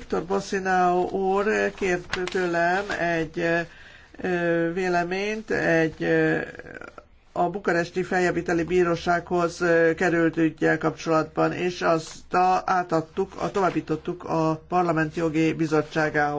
Viktor Bosszinao úr kért tőlem egy véleményt, egy a bukaresti feljebbviteli bírósághoz került ügyjel kapcsolatban, és azt átadtuk, a, továbbítottuk a parlament jogi bizottságához.